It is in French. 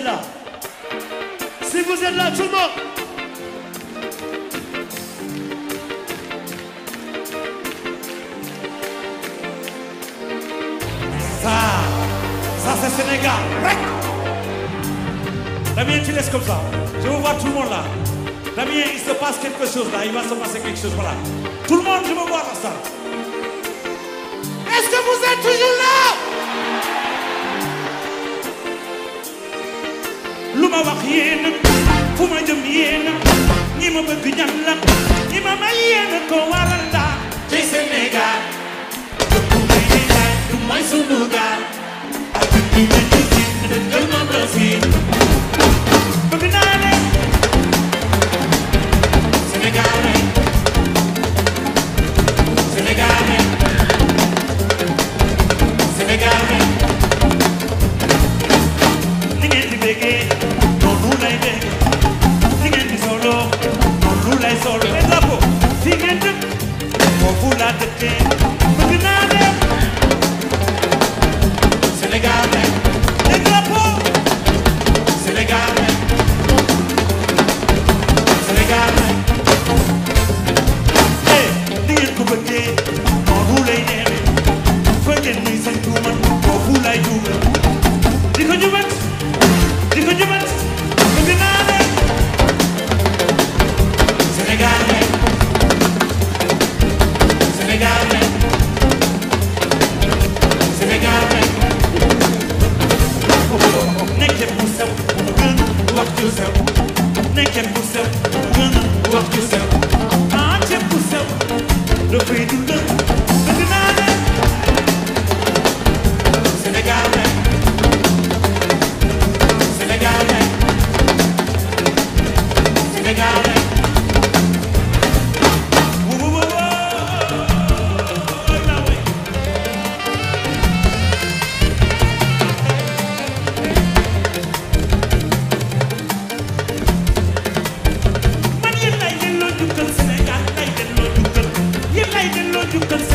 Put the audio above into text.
là. Si vous êtes là, tout le monde. Ça, ça c'est Sénégal. Damien, tu laisses comme ça. Je veux voir tout le monde là. Damien, il se passe quelque chose là. Il va se passer quelque chose. là. Tout le monde, je veux voir ça. Est-ce que vous êtes toujours là? ma wax yéena fu ma jëm yéena ñi ma bëgg ñan la ñi ma may yéena ko waral daal ci Sénégal laa dëkkee bëgg naa dem Sénégal rek le drapeau Sénégal rek Sénégal rek eh di ngeen ko bëggee o a Antipulsão, Antipulsão, Antipulsão, no peito da Как-то